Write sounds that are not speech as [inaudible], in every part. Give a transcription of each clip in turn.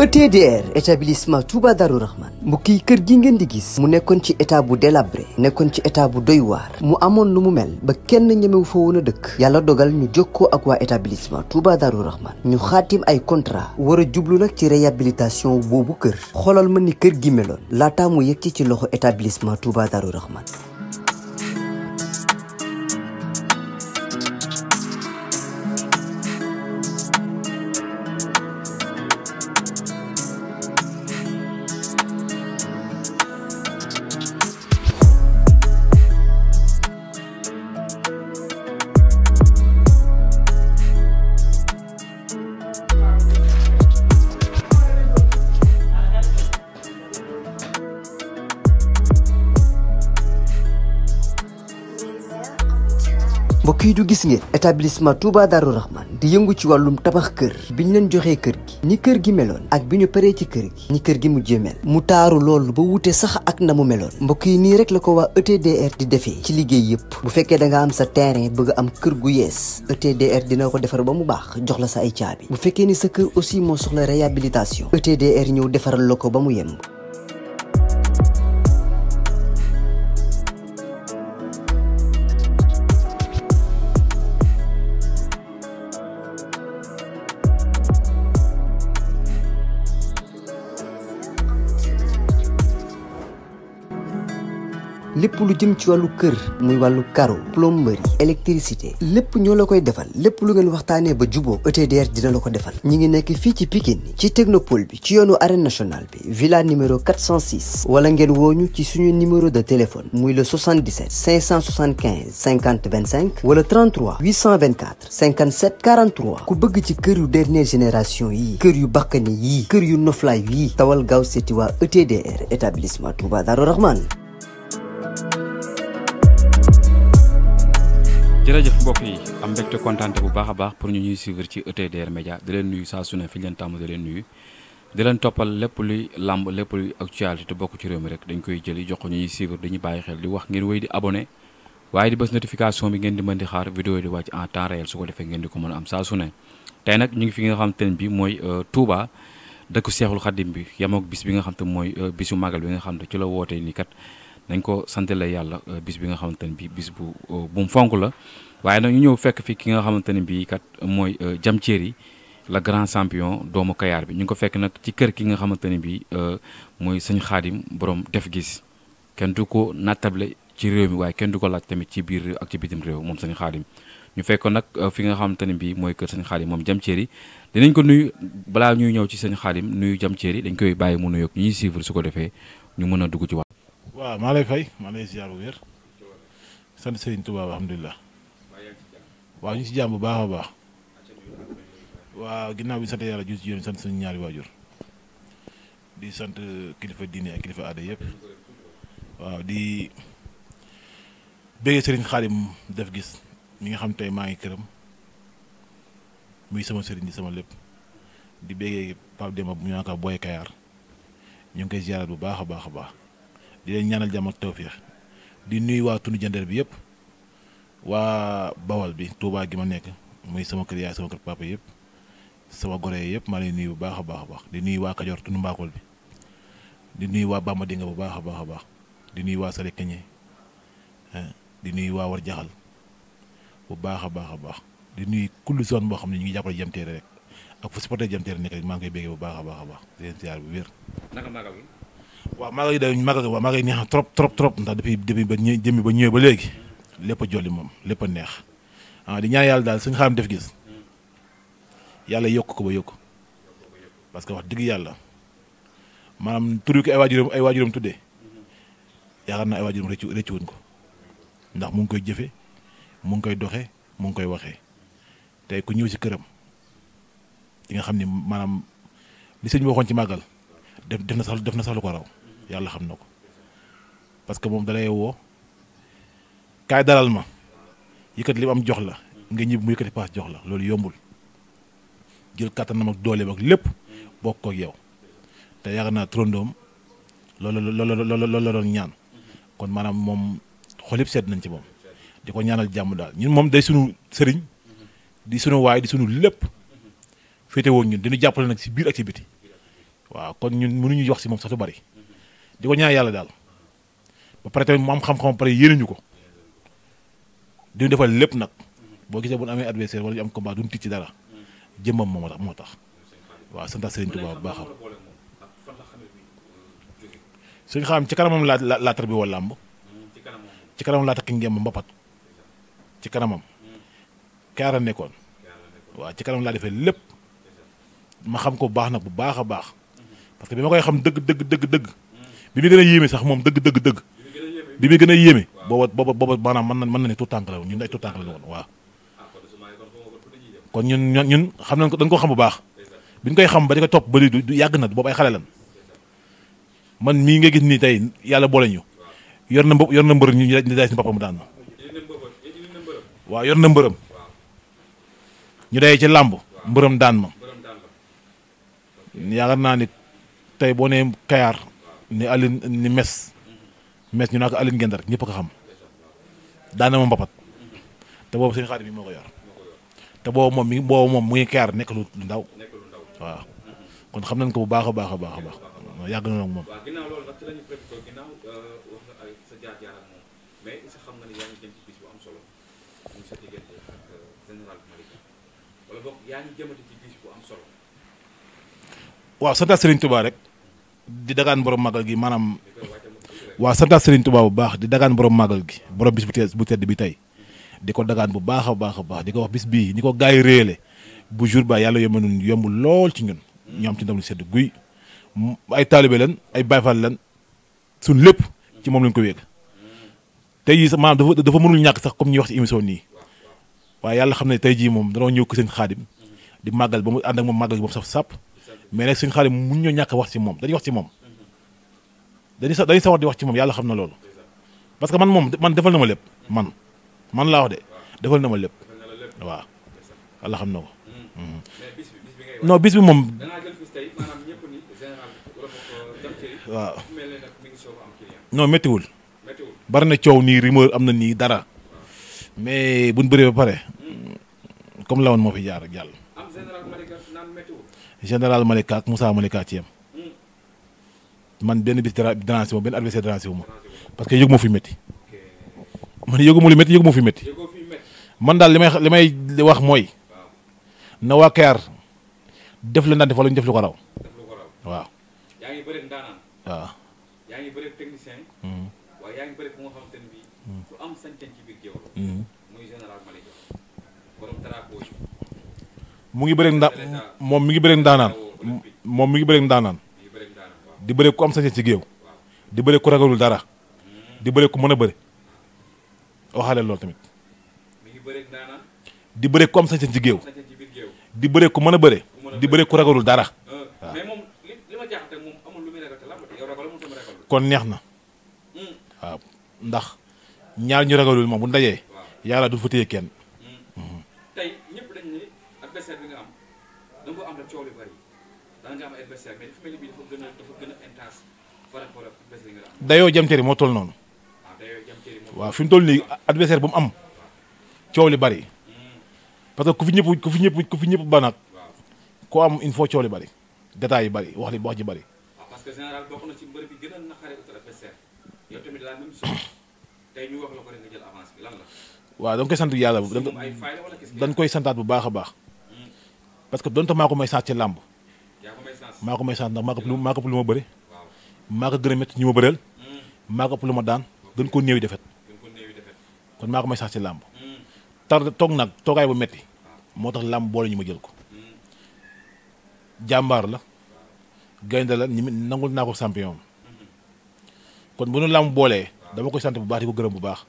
ETDR établissement Touba Darou Rahman mbokk yi kër gi ngeen di gis mu nekkoon ci état bu délabré nekkoon ci état bu doy mu amoon lu mu mel ba kenn ñemewu fa woon a dëkk yàlla dogal ñu ko ak waa établissement Touba Darou Rahman ñu xaatim ay contrat war a jublu nag ci réhabilitation boobu kër xoolal ma ni kër gi meloon laataa mu yëg ci ci loxo établissement Touba Darou Rahman mbokk yi du gis ngeen établissement Touba Darou Rahman di yëngu ci wàllum tabax kër bi ñu leen joxee kër gi ni kër gi meloon ak bi ñu paree ci kër gi ni kër gi mujjee mel mu taaru loolu ba wute sax ak na mu meloon mbokk yi nii rek la ko waa ETDR di defee ci liggéey yëpp bu fekkee da nga am sa terrain bëgg am kër gu yees ETDR dina ko defar ba mu baax jox la sa ay caabi bu fekkee ni sa kër aussi moo soxla réhabilitation ETDR ñëw defaral la ko ba mu yemb lépp lu jëm ci wàllu kër muy wàllu carreau plomberie électricité lépp ñoo la koy defal lépp lu ngeen waxtaanee ba juboo ETDR dina la ko defal ñi ngi nekk fii ci Pikine ci technopole bi ci yoonu arène nationale bi villa numéro 406 wala ngeen wooñu ci suñu numéro de téléphone muy le 77 575 50 25 wala 33 824 57 43 ku bëgg ci kër yu dernière génération yi kër yu bakkane yi kër yu noflaay yi tawal gaaw seeti waa ETDR établissement Touba Darou Rahman jërëjëf mbokk yi am mbégte kontante bu baax a baax pour ñu ñuy suivre ci ETDR Média di leen nuyu saa su ne fi ñu leen tàmm di leen nuyu di leen toppal lépp luy làmb lépp luy actualité te bokk ci réew mi rek dañ koy jëli jox ko ñu ñuy suivre dañuy bàyyi xel di wax ngeen wéy di abonné waaye di bës notification bi ngeen di mën di xaar vidéo yi di wàcc en temps réel su ko defee ngeen di ko mën a am saa su ne tey nag ñu ngi fi nga xam te ne bi mooy euh, Touba dëkku Seexul Xadim bi yemook bis bi nga xam te mooy euh, bisu màggal bi nga xam te ci la wootee ni dañ ko santale yàlla euh, bis bi nga xamante ne bi bis bu euh, bu mu fonk la waaye nag ñu ñëw fekk fi ki nga xamante ne bii kat mooy Diam euh, Thierry la grand champion doomu Kayaar bi ñu ngi ko fekk nag ci kër ki nga xamante ne bii mooy sëñ Xaadim borom def gis kenn du ko nattable ci réew mi waaye kenn du ko laaj tamit ci biir réew ak ci bitim réew moom sañ Xaadim ñu fekk nag fi nga xamante ne bii mooy kër sëñ Xaadim moom Diam Thierry dinañ ko nuyu balaa ñuy ñëw ci sëñ Xaadim nuyu Diam Thierry dañ koy bàyyi mu nuyoog ñuy suivre su ko defee ñu mën a dugg ci wax waaw maa lay fay maa lay ziar bu wér sant Serigne Touba alhamdulilah waaw ñu ngi si jàmm bu baax a baax waaw ginnaaw bi sant yàlla ju si yoon sant suñu ñaari waajur di sant kilifa diine ak kilifa aada yëpp waaw di bege Serigne Xaadim def gis mi nga xam tey maa ngi këram muy sama Serigne di sama lépp di bege pap Demba bu ñu naan ko Boy Kayar ñu ngi koy ziarat bu baax a baax. di leen ñaanal jàmm ak di nuyu waa tund jëndër bi yëpp waa bawal bi Touba gi ma nekk muy sama kër yaay sama kër papa yëpp sama gore yëpp maa lay nuyu bu baax a baax a baax di nuyu waa Kajoor tund Mbakol bi di nuyu waa Bamba Dinga bu baax a baax a baax di nuyu waa Sare Kañe di nuyu waa War Jaxal bu baax a baax a baax di nuyu kulli zone boo xam ne ñu ngi jàppale Diam Terry rek ak fu supporter Diam Terry nekk rek maa ngi koy béggee bu baax baax a baax di leen ziar bu wér. waaw maa ngi lay magal waaw maa ngi neex trop trop trop ndax depuis depuis ba ñë jëmmi ba ñëwee ba léegi lépp a jolli moom lépp a neex ah di ñaa yàlla daal suñu xam def gis yàlla yokk ko ba yokk parce que wax dëgg yàlla maanaam tur ko ay waajuram ay waajuram tuddee yaakaar naa ay waajuram rëccu rëccu wuñ ko ndax mu ngi koy jëfe mu ngi koy doxee mu ngi koy waxee tey ku ñëw si këram di nga xam ni maanaam li sëñ bi waxoon ci màggal def def na sax def na sax ko raw. yalla xam nako parce que mom dalay wo kay dalal ma yëkkat lim am jox la nga ñib mu yëkkati paas jox la loolu yombul jël katanam ak doole ak lepp bokk kook yow te yaakaar naa trondoom loolu loolu loolu ñaan kon manam mom xolib set nañ ci mom di ñaanal jamm dal ñun mom day sunu sëriñ di sunu way di sunu lepp fété woon ñun dinu jàppale nak ci biir activité waaw kon ñun mënuñu wax ci mom sax bari di ko ñaan yàlla daal ba pare tamit mu am xam-xam pare yéenuñu ko di defal lépp nag boo gisee bu ñu amee adversaire wala ñu am combat duñ tiit ci dara jëmmam moo tax moo tax waa sant Serigne Touba bu baaxam suñ xam ci kanamam laa laatar bi wala làmb ci kanamam laatar ki ngeen mbapat ci kanamam kaara nekkoon waaw ci kanam laa defee lépp ma xam ko baax nag bu baax a baax parce bi ma koy xam dëgg dëgg dëgg dëgg bi bi gëna yéme sax mom dëgg dëgg dëgg bi bi gëna yéme bo bo bo booba man man na mën na ne la woon ñun ay tank la won waaw ah, kon ñun ñun xam nañ ko dañ ko xam bu baax biñ koy xam ba di ko top ba du yag na boobu ay xalé lan man mi nga gis ni tay yalla boole ñu yor na yor na mbeur ñu ñu day ci papa mu daan waaw yor na mbeuram ñu day ci lamb mbeuram daan ma yaakaar na ni tay bo ne Kayar ni Aline ni mes mes ñu naa ko Aline Gendar ñëpp a ko xam daana ma mbapat te boobu sëñ Xaadim bi moo ko yor te boobu moom mi boobu moom mu ngi kaar nekk lu ndaw waaw kon xam nañ ko bu baax a baax a baax a baax yàgg na euh, xam nga ne solo muy sa diggante ak euh, rek. di dagan borom magal gi manam wa santa Serigne Touba bu baax di dagan borom magal gi borom bis bu tedd bi tay diko dagan dagaan bu baaxa baaxa baax diko wax bis bi ni ko gars yi bu jour ba yalla yomb nañu yomb lool ci ñun ñu ci ndamul sedd guy ay talibé lan ay bayfal lan sun lepp ci mom lañ ko wéeg tay yi sama dafa dafa mënul ñak sax comme ñi wax ci émission ni wa yalla xamné tay ji mom da ko seen khadim di magal ba mu ànd ak sap. magal bu sap mais nag suñu xaadim mun ñoo ñàkk wax ci moom dañuy wax ci moom dañuy sa dañuy di wax ci moom yàlla xam na loolu parce que man moom man defal na ma lépp man man laa wax de defal na ma lépp waaw yàlla xam na ko hmm. Hmm. non bis bari na coow nii rumeur am na nii dara mais buñ bëree ba pare hmm. comme lawoon moo fi jaar ak yàlla général Malika ak Moussa Malika ci yam man benn bis dara déranger wu ma benn adversaire déranger wu ma parce que yëgu ma fi métti man yëgu lu métti yëgu fi métti man daal li may li may wax mooy na waa Kayar def la ndànk fa la ñu def lu ko raw waaw. mu ngi bëreeg nda moom mi ngi bëreeg ndaanaan moom mi ngi bëreeg ndaanaan di bëreeg ku am ci géew di bëreeg ku ragalul dara di bëreeg ku mën a bëre waxaale loolu tamit di bëreeg ku am sañ ci géew di bëreeg ku mën a bëre di bëreeg ku ragalul dara kon neex na waaw ndax ñaar ñi ragalul moom bu ndajee yàlla du fa téye kenn. mën a dayoo jam tëri moo toll noonu. Ah, waaw dayoo fi mu toll nii adversaire bu mu am coow li bari. Hmm. parce que ku fi ñëpp ku fi ñëpp ku fi koo am il faut coow li bari. détails bari wax li wax ji bari. waaw ah, parce que général bokk na a naqare utal [coughs] la même chose tey la ko rek koy santaat bu baax a baax hmm. parce que donte maa ko may sant ci làmb mako may sant ndax maa ko maa ko lu ma beure mako ko met ñu ma beurel mako lu ma daan gën ko neewi defet kon mako may sant ci lamb tar tok nak tokay bu metti motax lamb bo boole ñu ma jël ko jambar la gaynde la ñi nangul nako champion kon bu ñu lamb bolé dama koy sant bu baax di ko gërëm bu baax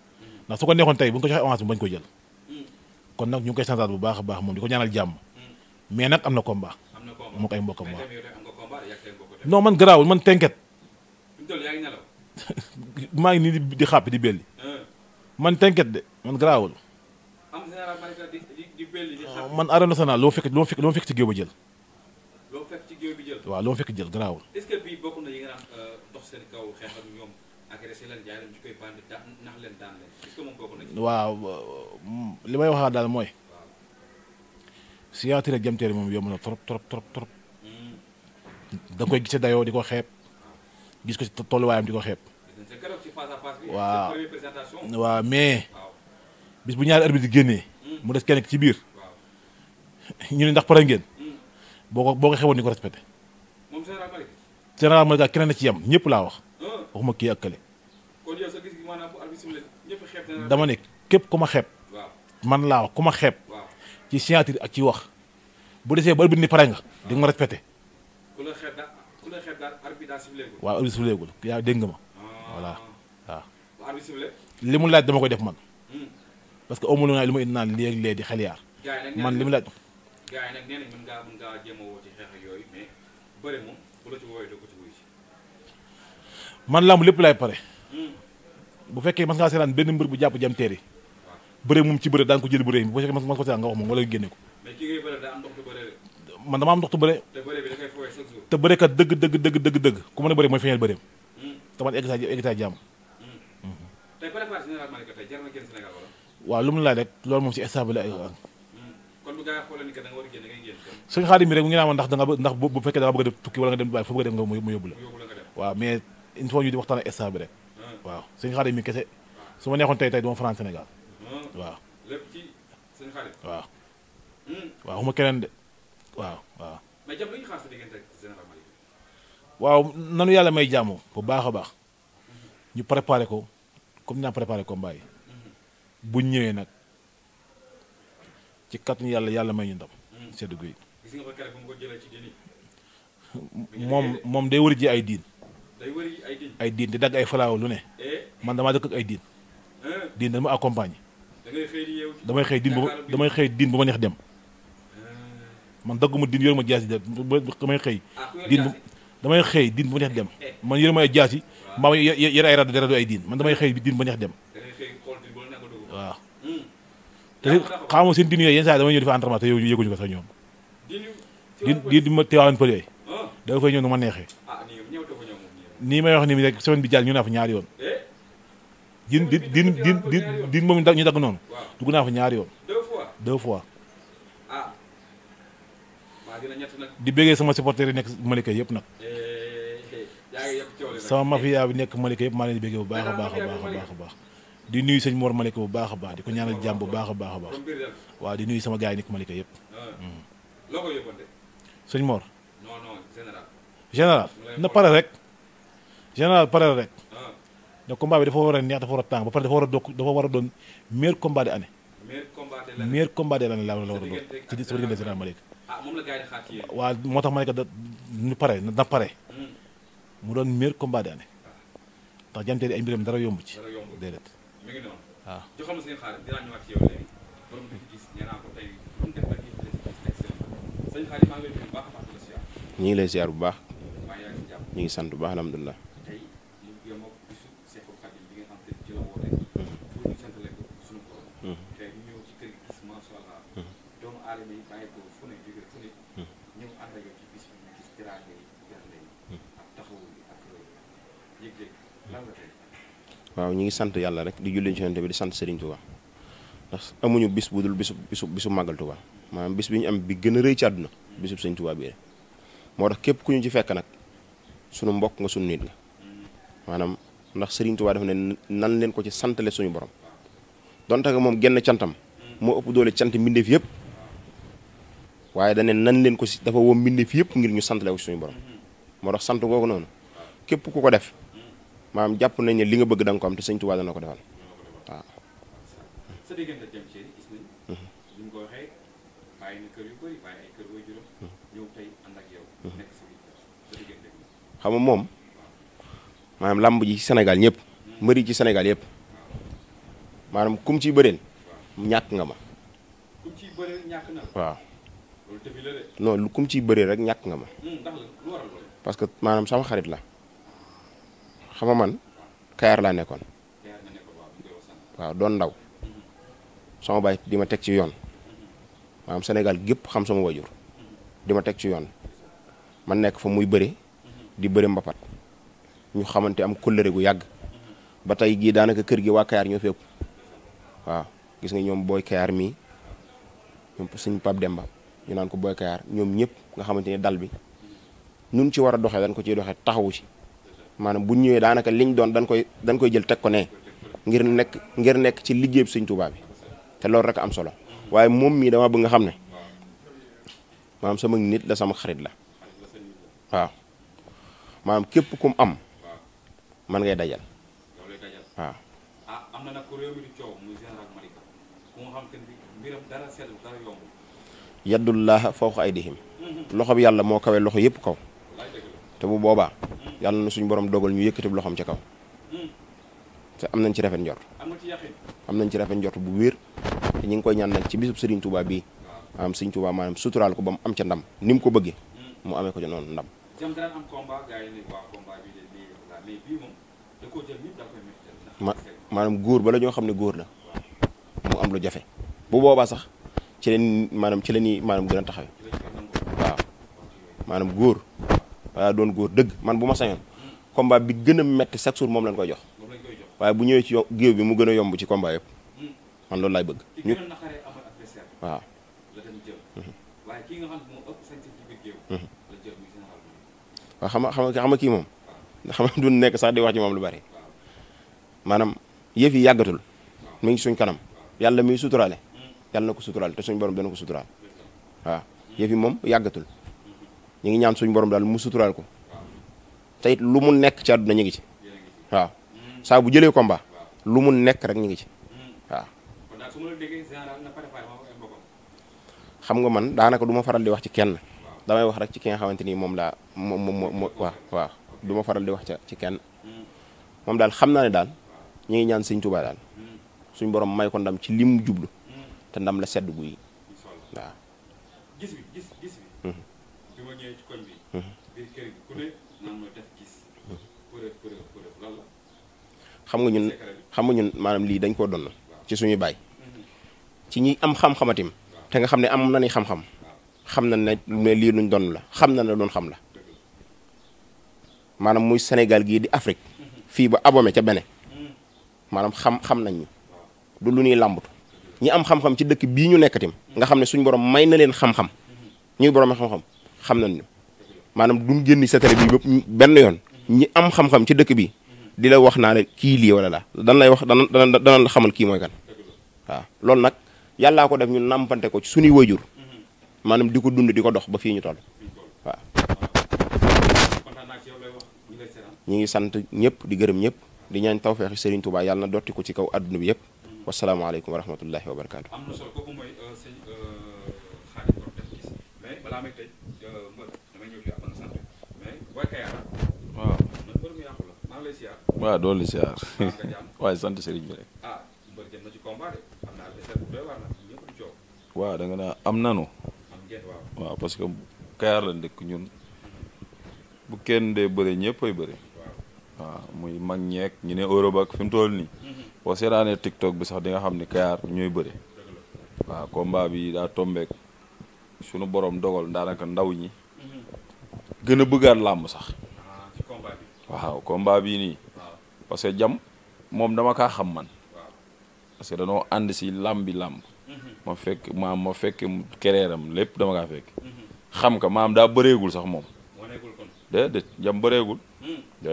ndax su ko neexon tay bu ñu ko joxee avance bu bañ ko jël kon nak ñu koy santat bu baax baax mom diko ñaanal jamm mais amna combat amna combat mo kay mbokam non man garaawul man tenket [laughs] maa ngi nii di xàpp di belli ah. man tënket de man garaawul. man arène nationale loo fekk loo fekk loo fekk ci géew ba jël. fekk ci géew bi jël. waaw loo fekk jël garaawul. Euh, xeex ak ñoom agressé waaw euh, li may waxaat daal mooy. signature ak moom yomb na trop trop trop trop. da koy gis dayoo di ko xeeb gis ko ci tolluwaayam di ko xeeb. waaw waaw mais bis bu ñaari arbitre di génnee. mu des kenn ci biir. ñu ne ndax pare ngeen. boo ko boo ko xewoon ni ko respecté. général Malika keneen na ci yam ñëpp laa wax. waxuma kii ak kële. dama ne képp ku ma xeeb. man laa wax ku ma xeeb. ci signature ak ci wax. bu desee ba arbitre ni pare ah. nga. di nga respecté. ku la xeeb daal ku la xeeb daal arbitre daal sifleegul. waaw arbitre sifleegul ma. Ah. voilà waaw. li mu laaj dama koy def man. Hmm. parce que amul naa li ma indi naan lii ak lee di xel yaar. man li mu laaj. a woo ci xeex ak la ci woowee doo ko ci wuyu si. man làmb lépp laay pare. Hmm. bu fekkee mas ngaa seetaan benn mbër bu jàpp jam teeri moom ci bëre daan ko jël bëre bu fekkee mas ko seetaan nga wax moom wala génne ko. man dama am ndoxtu bëre. bëre te bërekat dëgg dëgg dëgg dëgg dëgg ku mën a bëri mooy feeñal bëreem. Mm. te man egg saa egg saa jàmm. Mm. Mm-hmm. lu mu laaj rek loolu moom si instant bi la ay wax. Mm. kon bu gaa xoolal nga war a ndax da nga ndax bu fekkee da nga bëgg a tukki wala nga dem Dubaay foofu mais il faut di waxtaan ak instant rek. waaw suñu mi kese. Ah. su ma neexoon tey tey du ma France Sénégal. waaw lépp ci keneen de waaw waaw. mais waaw nanu yàlla may jàmm bu baax a baax ñu préparé ko comme naa préparé combat yi buñ ñëwee nag ci kàttanu yàlla yàlla may ñu ndam. Mm. sedd guy. [laughs] moom moom day wër ji ay diin. ay diin. ay di dagg ay falaaw lu ne. E? man damaa dëkk ak ay diin. E? diin dama accompagner. da di yeewu damay xëy diin ba damay xëy diin ba ma neex dem. E? man dagguma diin yor ma jaas di damay xëy. Ah, diin damay xëy diin ba neex dem man yëre may jaasi mbaam yëre ay rajo dara du ay diin man damay xëy diin ba neex dem waaw te xamoo seen diin yooyu yenn saa damay ñëw di fa entraînement te yow ko sax ñoom diin di ma teewaan pël yooyu da koy ñëw may wax nii rek bi jàll ñu naa fa ñaari yoon diin diin diin diin moom ñu dagg noonu dugg naa fa ñaari yoon deux fois di bëggee sama supporter yi nekk Malika yëpp eh, eh, nag sama mafia bi nekk Malika yëpp maa leen di bëggee bu baax a baax a baax a baax di nuyu sëñ Mor Malika bu baax a baax di ko ñaanal jàmm bu baax a baax a baax di nuyu sama gars yi nekk Malika yëpp ah. sëñ Mor na pare rek général pare rek ah. ne combat dafa war a neex dafa war a tàng ba pare dafa war a doon war a doon meilleur combat de année meilleur laa la war a doon sama diggante général Malika ah moom moo tax ma ne da ñu pare na pare. Hmm. mu doon meilleur combat de année. Ah. ndax jamteeri ay mbiram dara yomb ci. dara yomb seen xaalis dinaa ci yow ngi lay siyaar. ñu ngi lay siyaar bu baax. ñu ngi sant bu baax alhamdulilah. waaw ñu ngi sant yàlla rek di julli ci Yonent bi di sant Serigne Touba ndax amuñu bis bu dul bisu bisu bisu màggal Touba maanaam bis bi ñu am bi gën a rëy ci àdduna bisub Serigne Touba bi moo tax képp ku ñu ci fekk nag sunu mbokk nga sunu nit maanaam ndax Serigne Touba dafa ne nan leen ko ci santale suñu borom donte moom genn cantam moo ëpp doole cant mbindeef yëpp waaye da nan leen ko si dafa woo yëpp ngir ñu santale suñu borom moo sant googu noonu képp ku ko def. maanaam jàpp nañ ne li nga bëgg da nga ko am te sëñ Tuubaa ko defal waaw. Mhm. Mhm. Mhm. nga moom maanaam làmb ji ci Sénégal ñëpp mbëri ci senegal yëpp maanaam kum ciy bëreel ñàkk nga ma. kum ciy waaw. non kum ciy bëreel rek ñàkk nga ma. Hmm, parce que maanaam sama xarit la. xam nga man Kayar laa nekkoon waaw doon ndaw sama baay di ma teg ci yoon maanaam Sénégal gépp xam sama wajur di ma teg ci yoon ma nekk fa muy bëri di bëri mbapat ñu xamante am kóllëre gu yàgg ba tey gii daanaka kër gi waa Kayar ñoo fépp waaw gis nga ñoom booy Kayar mii ñoom suñ Pape Demba ñu naan ko booy Kayar ñoom ñëpp nga xamante ni dal bi nun ci war a doxee dañ ko ciy doxe taxawu ci maanaam bu ñëwee daanaka liñ doon dañ koy dañ koy jël teg ko ne ngir nekk ngir nekk ci liggéey bi sëñ Tuubaa bi te loolu rek am solo waaye moom mii dama bëgg nga xam ne maanaam sama nit la sama xarit la waaw maanaam képp kum am man ngay dajal waaw. ah am di coow nga xam te ni mbiram dara sell loxo bi yàlla moo kawee loxo yëpp kaw. te bu boobaa yàlla na suñu borom dogal ñu yëkkati loo xam ca kaw te am nañ ci rafet njort am nañ ci rafet njort bu wér ñu ngi koy ñaan nag ci bisub Serigne Touba bii maanaam Serigne Touba maanaam ko ba mu am ca ndam ni mu ko bëggee hmm. mu amee ca noonu ndam. ma maanaam góor bala ñoo xam ne góor la mu am lu jafe bu boobaa sax ci leen maanaam ci leen maanaam gën a taxawe waaw góor doon góor dëgg man bu ma sañoon combat bi gën a metti chaque jour moom lañ koy jox waaye bu ñëwee ci géew bi mu gën a yomb ci combat yëpp hmm. man loolu laay bëgg ñu waaw hmm. hmm. waaw xam nga xam nga kii moom xam nga du nekk sax di wax moom lu bari maanaam yëf yàggatul mi ngi suñ kanam yàlla miy suturaale yàlla na ko suturaal te suñ borom dana ko suturaal waaw yëf yi moom yàggatul ñi ngi ñaan suñu borom dal mu sutural ko tayit lu mu nekk ci aduna ñi ngi ci waaw sa bu jëlé combat lu mu nekk rek ñi ngi ci waaw. xam nga man daanaka du ma faral di wax ci kenn damay wax rek ci ki nga xamante ni moom laa moom waaw waaw faral di wax ci kenn mom dal xamna ni dal ñi ngi ñaan sëñ Tuubaa dal suñu borom may ko ndam ci limu mu jublu te ndam la sedd guy waaw. gis bi gis gis bi. bi ma ñëwee ci koñ bi biir kër gi ku ne naan ma def gis kuréel kuréel kuréel lan la xam nga ñun xam nga ñun maanaam lii dañ koo donn ci suñu baay ci ñi am xam-xamatim te nga xam ne am na ni xam-xam xam na ne ne lii luñ donn la xam na ne doon xam la maanaam muy Sénégal gii di Afrique fii ba abome ca bene maanaam xam xam nañ ñu du lu ñuy làmbatu ñi am xam-xam ci dëkk bii ñu nekkatim nga xam ne suñu borom may na leen xam-xam ñuy borom xam-xam xam nañu maanaam duñ génn sa bi benn yoon ñi am xam-xam ci dëkk bi di la wax naa ne kii lii wala laa dan lay wax dana dana dana xamal kii mooy kan waaw loolu nag yàllaa ko def ñu nàmpante ko ci suñuy wajur maanaam di ko dund di ko dox ba fii ñu toll waaw ngi sant ñëpp di gërëm ñëpp di ñaan tawfeexi Serigne Touba yàlla na dotti ko ci kaw adduna bi yëpp wasalaamaaleykum wa rahmatullahi wa barakaatu. waaw. waaw doole siyaar. [laughs] waaye sant sëriñ bi rek. waaw da am nanu. waaw parce que Kayaar la ndëkk ñun bu kenn dee bëre ñëppay bëre. waaw muy mag ñeek ñu ne Europe ak fi mu toll nii. boo seetaanee TikTok bi sax di nga xam ni Kayaar ñooy bëre. waaw combat bi daa tombeek sunu borom dogal daanaka ndaw ñi. gëna bëggaat lamb sax. Ah, waaw combat bi ni parce que jam mom dama ka xam man. parce que dañu and ci lamb bi lamb mhm. ma fekk ma ma fekk kereeram lepp dama ka fekk. Mhm. xam ka maam da bëreegul sax mom de de jam bëreegul. Hmm. de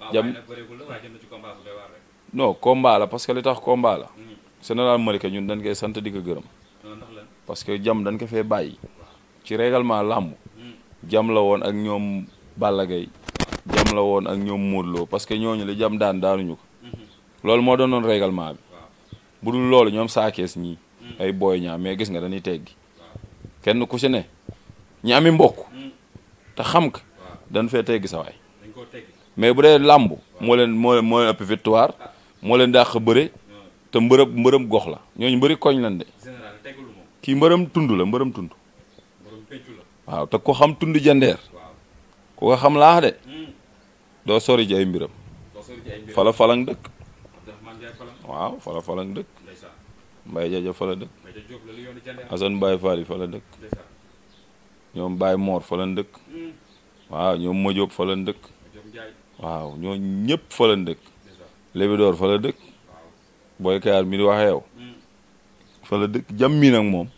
ah, jam la jam ci combat bu day war rek non combat la parce que li tax combat la. Hmm. général Malika ñun dañ koy sante di ko gërëm. Ah, parce que jam dañ ko fay bayyi ci règlement lamb jam la won ak ñom Balla jam la won ak ñom modlo parce que ñoñu li jam daan daanuñu ko mhm. loolu moo non règlement bi bu dul ñom ñoom saakees ñii mhm. ay boy ñaa mais gis nga dañuy teggi kenn ku ci ne ñi ami mbokk mhm. ta xam nga dañ fee teggi sa way mais bu dé lamb mo len mo mo ëpp victoire ah. moo leen dàq bëre te mbeureum gox la ñoñu mbeuri koñ lan de ki mbeureum tundu la peccu la waaw te ku xam tund jandeer ku ko xam laax de doo sori ci mbiram fala falang dëkk waaw fala falang dëkk mbay jaja fala dëkk asan Baye Fall yi fala dëkk ñoom Baye Moor hmm. fala dëkk waaw ñoom hmm. Majob fala dëkk waaw ñoo ñëpp fala dëkk Lébidoor fala dëkk Boy Kayaar mi di waxee fala dëkk jàmmi nag moom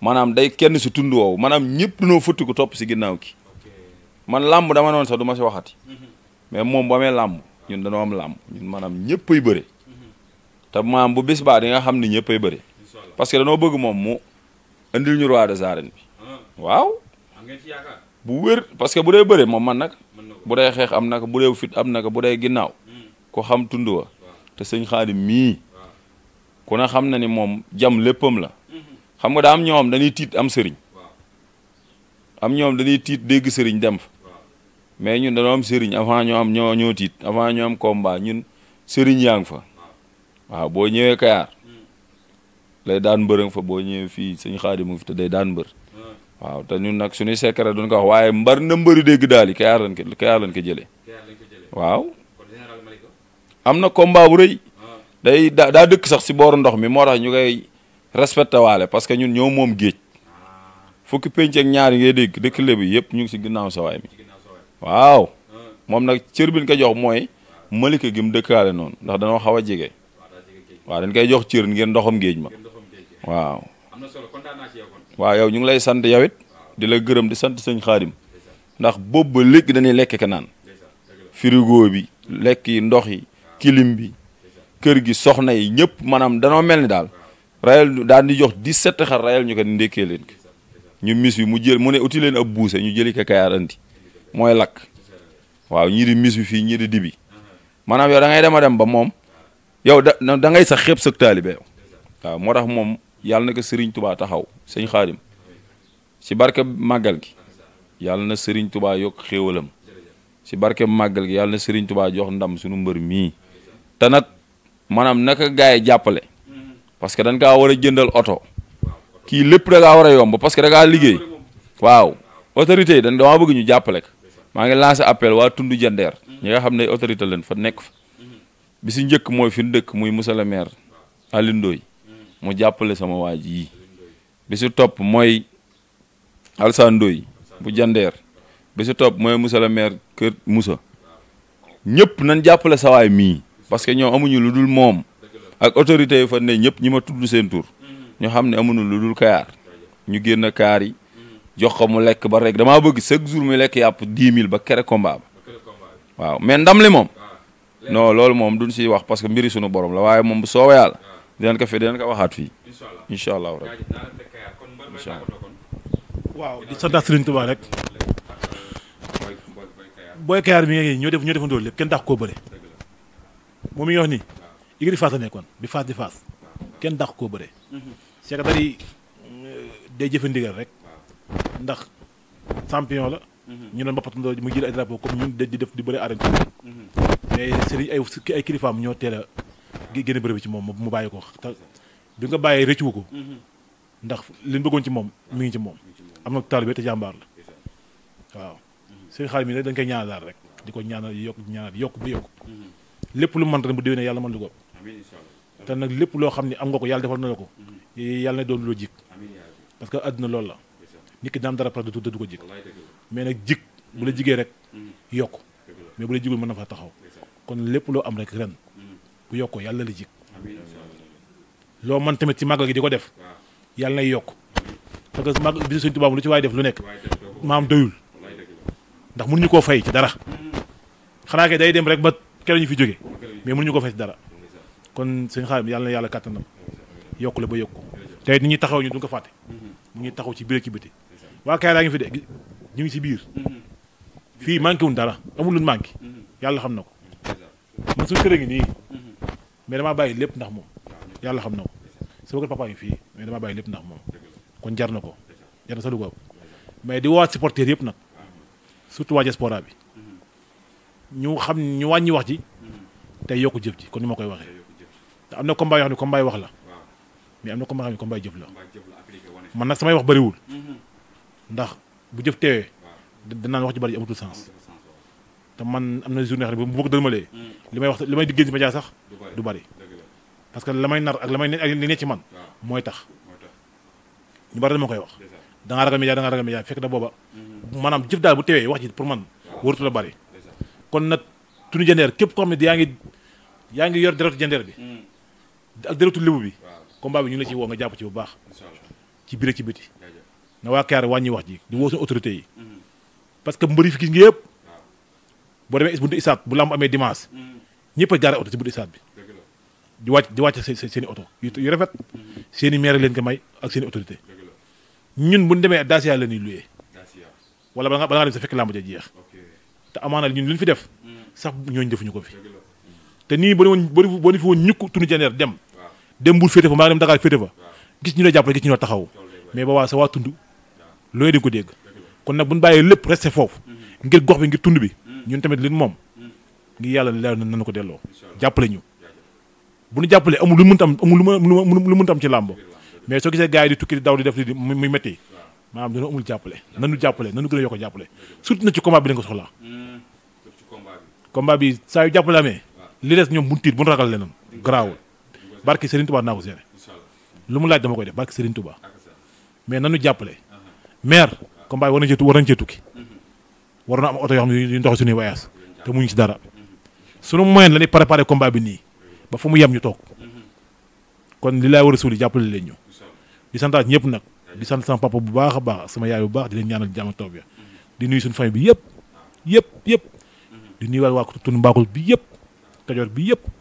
maanaam day kenn si tund woowu maanaam ñëpp dañoo fëttiku topp si ginnaaw ki man làmb dama noonu sa duma ma si waxati mais moom bu amee làmb ñun dañoo am làmb ñun maanaam ñëppay bëre te maanaam bu bis baa di nga xam ni ñëppay bëre parce que dañoo bëgg moom mu indil ñu roi des arènes bi ah. waaw bu wér parce que bu dee bëree moom man nag bu dee xeex am naka bu dee fit am naka bu dee ginnaaw hmm. ko xam tund wa te sëñ Xaadim mii ku ne xam na ni moom jam léppam la xam nga daa am ñoom dañuy tiit am sëriñ am ñoom dañuy tiit dégg sëriñ dem fa mais ñun dañoo am sëriñ avant ñoom am ñoo ñoo tiit avant ñoo am combat ñun sëriñ yaa ngi fa boo ñëwee Kayaar lay hmm. daan mbërëng fa boo ñëwee fii sëñ Xaadim mu fi te day daan mbër hmm. waaw te nag suñuy secret duñ ko wax waaye mbar na mbari dégg daal yi Kayaar lañ ko Kayaar lañ ko jëlee waaw am na combat bu rëy hmm. dëkk sax si booru ndox mi moo tax ñu respecté waale parce que ñun ñoo moom géej fukki penc ak ñaar yi ngay dégg dëkk lébi yëpp ñu ngi si ginnaaw sawaay mi waaw moom nag cër bi ñu ko jox mooy malika gi mu dëkkaale noonu ndax dañoo xaw a jege waaw dañ koy jox cër ngeen ndoxam géej ma waaw waaw yow ñu ngi lay sant yow it di la gërëm di sant sëñ xaadim ndax boobu ba léegi dañuy lekk ka naan frigo bi lekk yi ndox yi kilim bi kër gi soxna yi ñëpp maanaam danoo mel ni daal rayal daan di jox 17 xar rayal ñu ko ndekkee leen ko ñu mis bi mu jël mu ne uti leen buuse ñu jëli ko kayaar andi mooy lakk waaw ñii di mis bi fii ñii di dibi maanaam yow da ngay dema ba moom yow da da ngay sax xeeb sëg taalibe moo tax moom yàlla na ko Serigne Touba taxaw sëñ Xaadim si barke màggal gi yàlla na Serigne Touba yokk xéewalam si barke màggal gi yàlla na Serigne Touba jox ndam suñu mbër mii te nag maanaam naka gaay jàppale parce que dañ kaa war a jëndal oto kii lépp da ngaa war a yomb parce que da ngaa liggéey waaw autorité yi dañ damaa bëgg ñu jàppale ko maa ngi lancé appel waa tund jander ñi nga xam ne autorité leen fa nekk fa bi si njëkk mooy fi ñu dëkk muy monsieur le maire Alioune Ndoye jàppale sama waa ji yi bi si topp mooy Alsane Ndoye bu jandeer bi si topp mooy monsieur le maire Kër Moussa ñëpp nañ jàppale sawaay mii parce que ñoom amuñu lu dul moom ak autorité yi fa ne ñëpp ñi ma tudd seen tur ñu xam ne amuñu lu dul kayaar ñu génn kaar yi jox ko mu lekk ba rek damaa bëgg chaque jour mu lekk yàpp dix mille ba kere combat ba waaw mais ndam li moom non loolu moom duñ siy wax parce que mbiri suñu borom la waaye moom bu soobee yàlla dinañ ko fi waxaat fii incha allahu allah waaw di sant Sëriñ Tuubaa rek Boy Kayar mi ngi ñoo def ñoo defandoo lépp kenn tax koo bëre moom yoo ngi nii igri Fass la nekkoon bi Fass di Fass kenn dàq koo bëre. secrétaire yi day jëfe ndigal rek ndax champion la. Mhm. ñu doon boppatandoo mu jël ay drapeau comme ñun di def di bëri arène mhm. mais sëriñ ay ay ñoo teel a bi ci moom mu bàyyi ko te bi nga bàyyi rëccu ko. Mhm. ndax liñ bëggoon ci moom mu ngi ci moom. am na taalibe te jàmbaar la waaw. sëriñ xaalis mi nag dañ koy ñaanal daal rek di ko ñaanal yokk ñaanal yokk ba yokk. lépp lu mën ren bu déwénee yàlla mën lu ko te nag lépp loo xam ne am nga ko yàlla defal na la ko mm-hmm. eh, yàlla na doon lu la jik parce que àdduna loolu la nit ki daam dara parce que du du ko jik mais nag jik bu la mm-hmm. jigee rek mm-hmm. yokk mais bu la jigul mën na fa taxaw kon lépp loo am rek ren bu yokkoo yàlla la jik loo man tamit ci màggal gi di ko def yàlla nay yokk parce que mag bi Sëñ Tuubaa lu ci waay def lu nekk maam doyul ndax mënuñu koo fay ci dara xanaa kay day dem rek ba keroog ñu fi jóge mais mënuñu koo fay kon suñ Xaadim yàlla na yàlla kàttanam yokk la ba yokk te it ni ñuy taxaw ñu du ko fàtte mu ngi taxaw ci biir ci biti waa Kayra ngi fi de ñu ngi si biir fii manqué wuñ dara amul luñ manqué yàlla xam na ko man suñu kër ngi nii mais dama bàyyi lépp ndax moom yàlla xam na ko sama kër papa yi fii mais dama bàyyi lépp ndax moom kon jar na ko jar na sa dugub mais di woowaat supporter yëpp nag surtout waa diaspora bi ñu xam ñu wàññi wax ji tey yokku jëf ji kon ma koy waxee te am na combat yoo xam wax la mais am na combat yoo xam ne combat jëf la man nag samay wax bëriwul mhm. ndax bu jëf teewee danaa wax ci bëri amatul sens te man am na journée xam ne bu bëgg dërmalee mm. li may wax li may diggéen ci média sax du bari parce que la may nar ak la may ak li ne ci man mooy tax ñu bëri dama koy wax da ngaa ragal média da ngaa ragal média fekk na booba mhm. maanaam jëf daal bu teewee wax ji pour man waratu la bëri kon nag tunu jendeer képp koo xam ne yaa ngi yaa ngi yor deretu jendeer mm. ak dërëtu lébu bi combat bi ñu la ci wo nga japp ci bu baax ci biir ci biti na wa Kaar wañi wax ji di wo sun autorité yi parce que mbeuri fi gis nga yépp bo demee isbu isaat bu lamb amé dimanche mm. ñepp a gaare oto ci bu isaat bi di wacc di wacc seen auto yu rafet mm-hmm. seen maire leen ko may ak seen autorité ñun bu démé dacia la ni luyee wala ba nga dem sa fekk lamb ja jeex te amana ñun luñ fi def mm. sax ñooñu defuñu ko fi te bo ni bo ni fi won ñuk tunu jener dem dem bul féete fa maa ngi dem Dakar féete fa gis ñu la jàppale gis ñu la taxaw mais boobaa sa waa tund looy di ko dégg kon nag bu ñu bàyyee lépp resté foofu ngir gox bi ngir tund bi ñun tamit li moom ngir yàlla leer nañu ko delloo jàppale ñu bu ñu jàppale amul lu mën tam amul lu mën lu mën tam ci làmb mais soo gisee gars yi di tukki di daw di def di muy métti maanaam dañoo amul jàppale nanu jàppale nanu gën a yokk jàppale surtout na ci combat bi lañ ko soxlaa hmm. bi saa yu li des ñoom buñ tiit buñ ragal leneen garaawul barke Serigne Touba dinaa ko gérer lu mu laaj dama koy def barke Serigne Touba mais nanu jàppale uh-huh. maire combat war nañ cee war nañ cee tukki uh-huh. war na am oto yoo xam ne yu ndox suñuy voyage te muñ si dara uh-huh. sunu moyen la ñuy préparé combat bi nii ba fu mu yem ñu toog kon li laay war a suuli jàppale leen ñu di santaat ñëpp nag di sant sama papa bu baax a baax sama yaay bu baax di leen ñaanal jàmm ak taw di nuy suñu famille bi yëpp ah. yëpp yëpp di nuyu waa waa tund bi yëpp ah. kajoor bi yëpp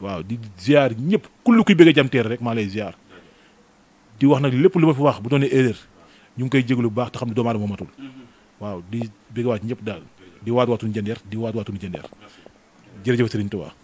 waaw di ziar ñëpp kullu kuy bëgg jamteer rek maa lay ziar di wax nag lépp lu ma fi wax bu doonee erreur ñu ngi koy jéglu bu baax te xam ne doomu aadama matul waaw di bëgg waat ñëpp daal di waat waatuñu jëndeer di waat waatuñu jëndeer jërëjëf Serigne Touba